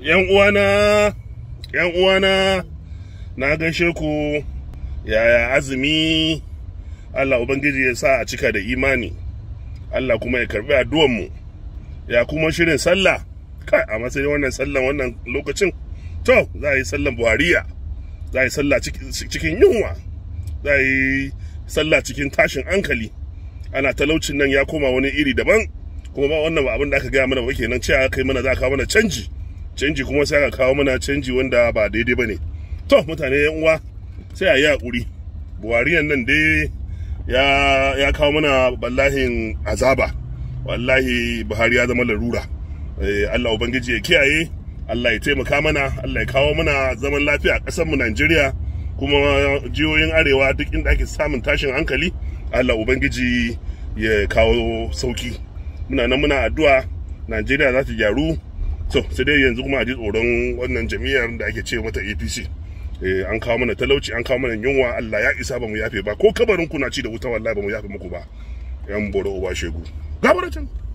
'yan uwana yan uwana na gaishe ku yaya azumi Allah ubangiji ya sa a cika da imani Allah kuma ya karbi addu'an mu ya kuma shirin sallah kai a matsayin wannan sallan wannan lokacin to za a yi sallan buhariya za a yi sallah cikin yunwa za a yi sallah cikin tashin hankali ana talaucin nan ya koma wani iri daban kuma ba wannan ba abin da aka gaya mana ba kenan cewa kai mana za ka mana canji canji kuma sai aka kawo mana canji wanda ba daidai ba ne to mutane yan uwa sai a yi hakuri buhariyan nan dai ya kawo mana wallahin azaba wallahi buhari ya zama larura eh, allah ubangiji ya kiyaye allah ya taimaka mana allah ya kawo mana zaman lafiya a kasar mu najeriya kuma jihohin arewa duk inda ake samun tashin hankali allah ubangiji ya kawo sauki muna nan muna addu'a najeriya za ta gyaru so sai dai yanzu kuma a ji tsoron wannan jami'ar da ake ce mata apc eh, an kawo mana talauci an kawo mana yunwa allah ya isa ba mu yafe ba ko kabarin ku na ci da wuta wallahi ba mu yafe muku ba yan boro uba shegu gabaracin